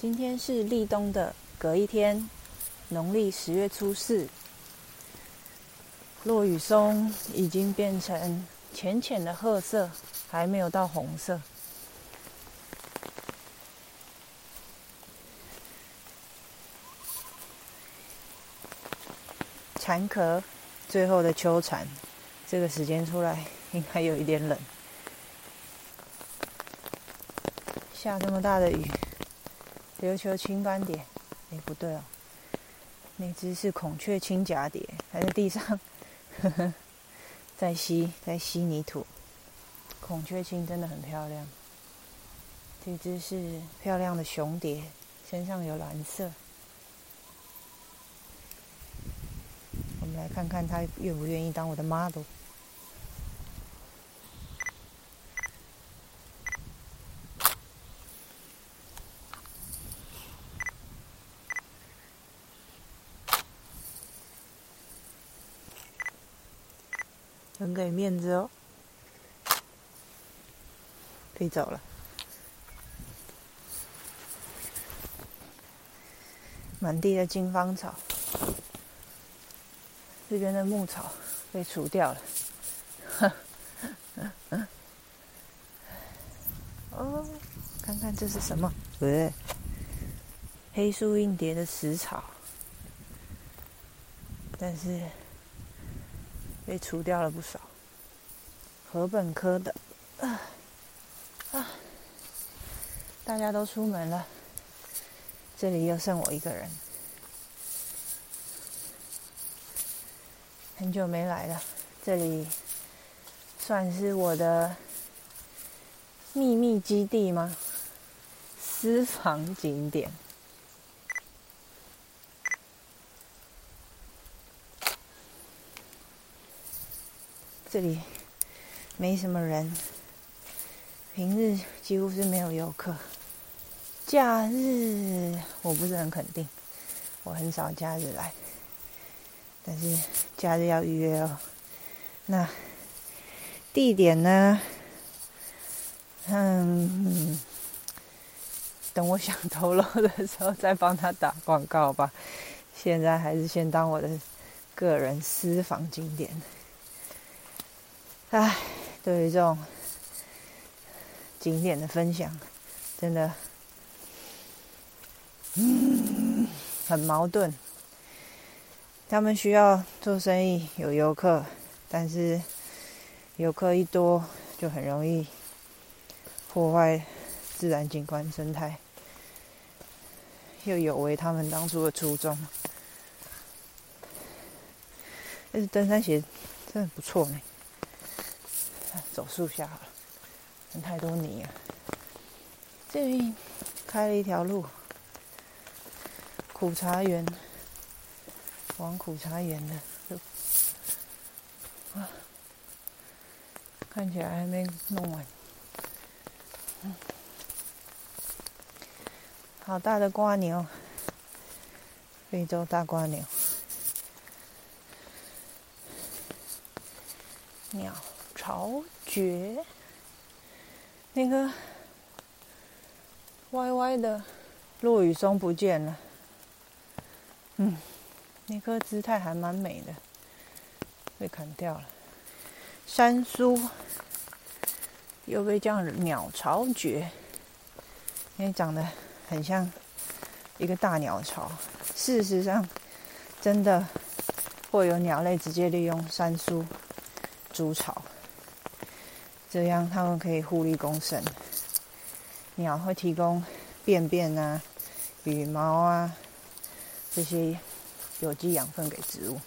今天是立冬的隔一天，農曆十月初四，落羽松已經變成淺淺的褐色，還沒有到紅色。蟬殼，最後的秋蟬，這個時間出來應該有一點冷，下這麼大的雨。琉球青斑蝶，哎、欸，不對哦，那只是孔雀青蛺蝶，還在地上，呵呵，在吸，在吸泥土。孔雀青真的很漂亮，這只是漂亮的雄蝶，身上有藍色。我們來看看它願不願意當我的 model。很給面子哦，可以走了。滿地的金芳草，這邊的牧草被除掉了呵呵、啊啊哦。看看這是什麼？黑樹蔭蝶的食草，但是。被除掉了不少禾本科的。啊啊！大家都出門了，這裡又剩我一個人。很久沒來了，這裡算是我的秘密基地嗎？私房景點。這裡沒什麼人，平日幾乎是沒有遊客。假日我不是很肯定，我很少假日來，但是假日要預約哦。那地點呢？嗯，嗯，等我想透露的時候再幫他打廣告吧。現在還是先當我的個人私房景點。唉，對於這種景點的分享，真的，嗯，很矛盾。他們需要做生意，有遊客，但是遊客一多，就很容易破壞自然景觀生態，又有違他們當初的初衷。但是登山鞋真的不錯呢、欸。走樹下了，太多泥了、啊。這裡開了一條路，苦茶園，往苦茶園的路，啊，看起來還沒弄完。嗯、好大的蝸牛，非洲大蝸牛，鳥鳥巢蕨，那個歪歪的落羽松不見了。嗯，那棵姿態還蠻美的，被砍掉了。山蘇又被叫鳥巢蕨，因為長得很像一個大鳥巢。事實上，真的會有鳥類直接利用山蘇築巢。這樣，它們可以互利共生。鳥會提供便便啊、羽毛啊這些有機養分給植物，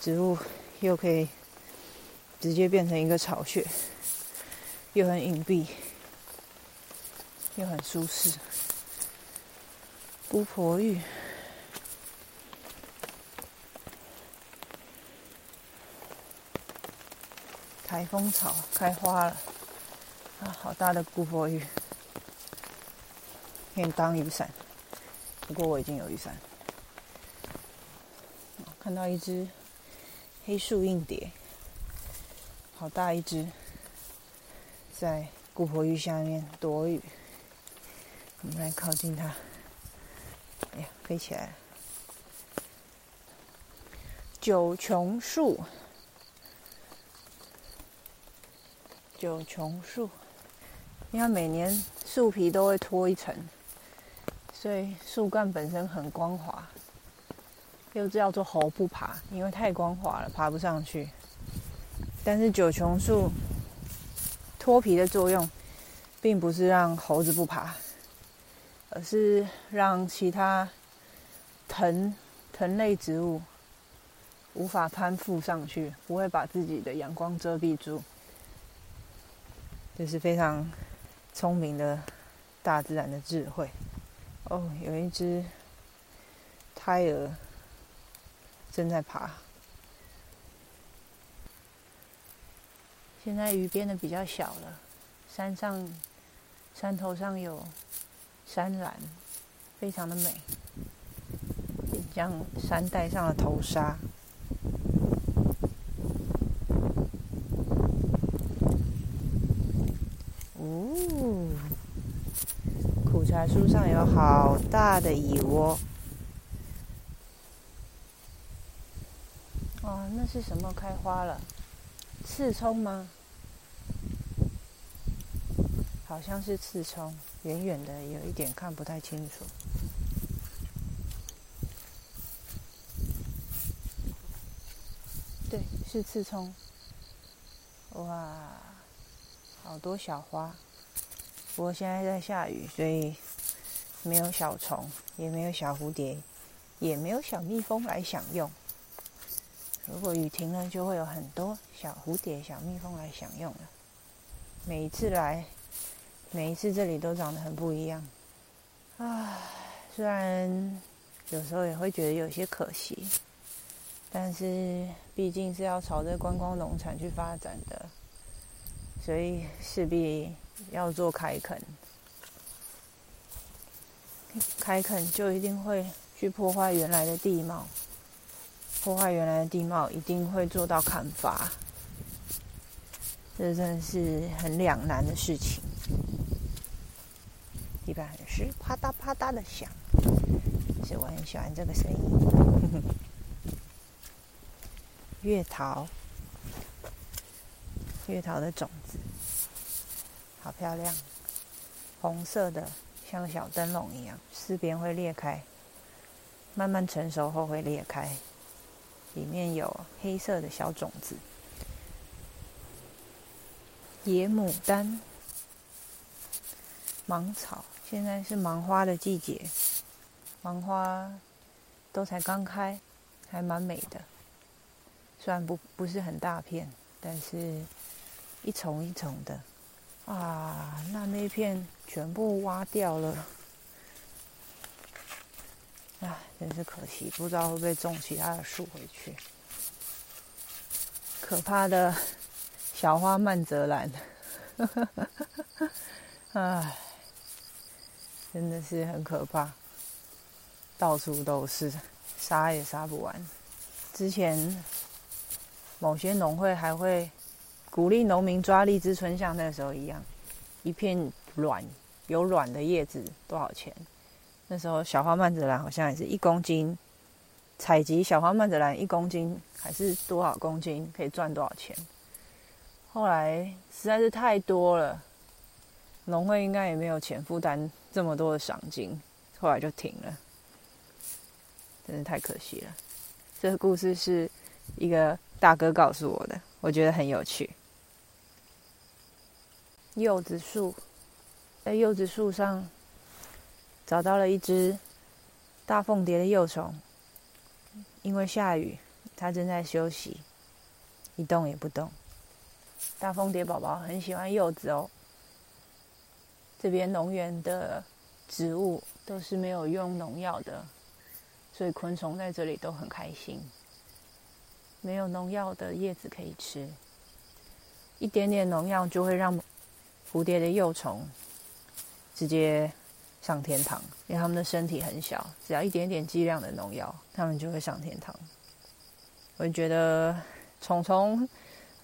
植物又可以直接變成一個巢穴，又很隱蔽，又很舒適。姑婆芋。颱風草開花了，啊，好大的姑婆芋，便當雨傘，不過我已經有雨傘。看到一隻黑樹蔭蝶，好大一隻，在姑婆芋下面躲雨。我們來靠近它，哎呀，飛起來了。九芎樹。九芎樹，因為每年樹皮都會脫一層，所以樹幹本身很光滑，又叫做猴不爬，因為太光滑了，爬不上去。但是九芎樹脫皮的作用，並不是讓猴子不爬，而是讓其他藤藤類植物無法攀附上去，不會把自己的陽光遮蔽住。這是非常聰明的，大自然的智慧。哦、oh,，有一隻胎兒正在爬。現在雨變得比較小了。山上山頭上有山嵐，非常的美。這山帶上了頭紗。哦、嗯，苦茶樹上有好大的蟻窩。哦，那是什麼開花了？刺蔥嗎？好像是刺蔥，遠遠的有一點看不太清楚。對，是刺蔥。哇！好多小花，不過現在在下雨，所以沒有小蟲，也沒有小蝴蝶，也沒有小蜜蜂來享用。如果雨停了，就會有很多小蝴蝶、小蜜蜂來享用了。每一次來，每一次這裡都長得很不一樣。唉、啊，雖然有時候也會覺得有些可惜，但是畢竟是要朝着觀光農場去發展的。所以勢必要做開墾，開墾就一定會去破壞原來的地貌，破壞原來的地貌一定會做到砍伐，這真的是很兩難的事情。地板很濕，啪嗒啪嗒的響，所以我很喜歡這個聲音。月桃。月桃的種子好漂亮，紅色的，像小燈籠一樣，四邊會裂開，慢慢成熟後會裂開，裡面有黑色的小種子。野牡丹、芒草，現在是芒花的季節，芒花都才剛開，還蠻美的，雖然不不是很大片，但是。一叢一叢的，啊，那那一片全部挖掉了，哎，真是可惜，不知道會不會種其他的樹回去。可怕的小花蔓澤蘭，哎，真的是很可怕，到處都是，殺也殺不完。之前某些農會還會。鼓勵農民抓荔枝春像那個時候一樣，一片卵有卵的葉子多少錢？那時候小花蔓澤蘭好像也是一公斤，採集小花蔓澤蘭一公斤還是多少公斤可以賺多少錢？後來實在是太多了，農會應該也沒有錢負擔這麼多的賞金，後來就停了。真的太可惜了。這個故事是一個大哥告訴我的，我覺得很有趣。柚子樹，在柚子樹上找到了一隻大鳳蝶的幼蟲。因為下雨，它正在休息，一動也不動。大鳳蝶寶寶很喜歡柚子哦。這邊農園的植物都是沒有用農藥的，所以昆蟲在這裡都很開心。沒有農藥的葉子可以吃，一點點農藥就會讓蝴蝶的幼蟲直接上天堂，因為它們的身體很小，只要一點點劑量的農藥，它們就會上天堂。我覺得蟲蟲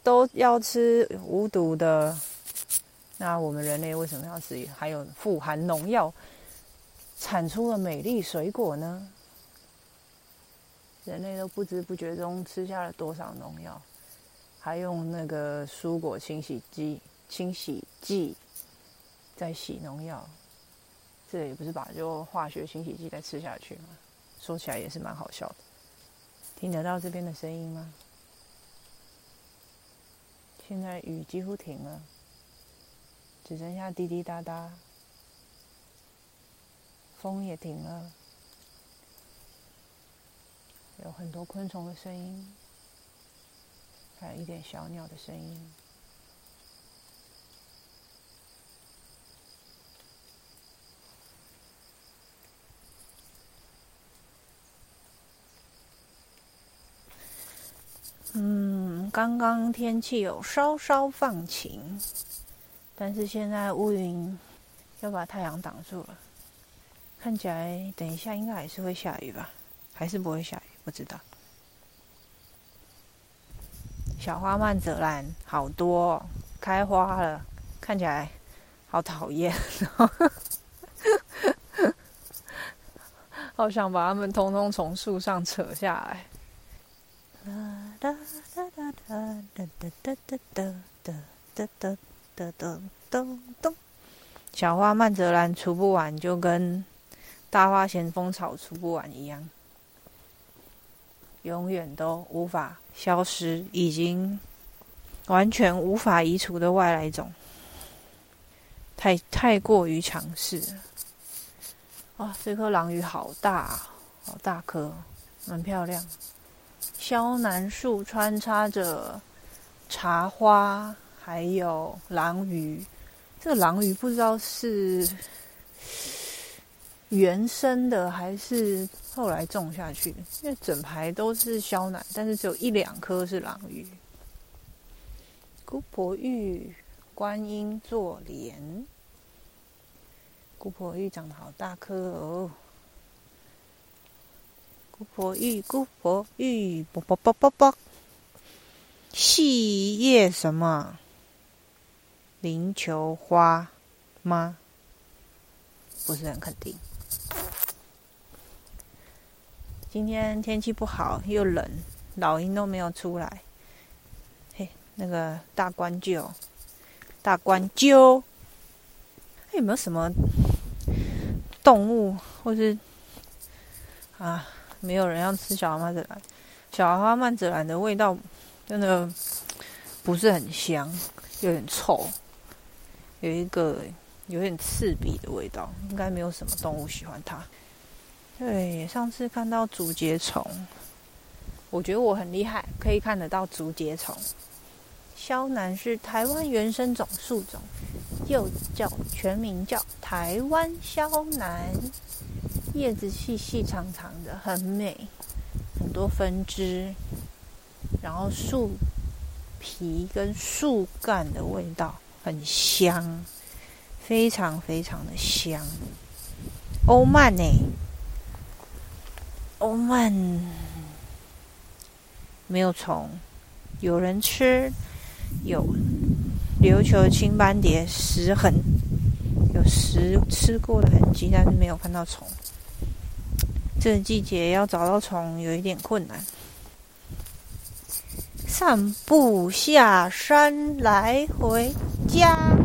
都要吃無毒的，那我們人類為什麼要吃含有富含農藥、產出了美麗水果呢？人類都不知不覺中吃下了多少農藥，還用那個蔬果清洗機。清洗劑再洗農藥，這也不是把這化學清洗劑再吃下去嗎？說起來也是蠻好笑的。聽得到這邊的聲音嗎？現在雨幾乎停了，只剩下滴滴答答，風也停了，有很多昆蟲的聲音，還有一點小鳥的聲音。剛剛天氣有稍稍放晴，但是現在烏雲又把太陽擋住了，看起來等一下應該還是會下雨吧？還是不會下雨？不知道。小花蔓澤蘭好多、哦、開花了，看起來好討厭、哦， 好想把它們通通從樹上扯下來。嗯小花蔓澤蘭除不完，就跟大花咸豐草除不完一樣，永遠都無法消失，已經完全無法移除的外來種太，太太過於強勢了。哇，這顆狼芋好大啊，好大顆啊，蠻漂亮。肖楠樹穿插着茶花，還有榔榆。這個榔榆不知道是原生的還是後來種下去，因為整排都是肖楠，但是只有一兩棵是榔榆。姑婆芋、觀音座蓮、姑婆芋長得好大棵哦。姑婆芋，姑婆芋，姑婆芋，啵啵啵啵啵。細葉什麼？菱球花嗎？不是很肯定。今天天氣不好，又冷，老鷹都沒有出來。嘿，那個大冠鷲，大冠鷲、欸，有沒有什麼動物或是啊？沒有人要吃小花蔓澤蘭，小花蔓澤蘭的味道真的不是很香，有點臭，有一個有點刺鼻的味道，應該沒有什麼動物喜歡它。對，上次看到竹節蟲，我覺得我很厲害，可以看得到竹節蟲。肖楠是台灣原生種樹種，又叫全名叫台灣肖楠。葉子細細長長的，很美，很多分支，然後樹皮跟樹幹的味道很香，非常非常的香。歐曼呢？歐曼沒有蟲，有人吃，有琉球青斑蝶食痕，有食吃過的痕跡，但是沒有看到蟲。這個季節要找到蟲有一點困難。散步下山，來回家。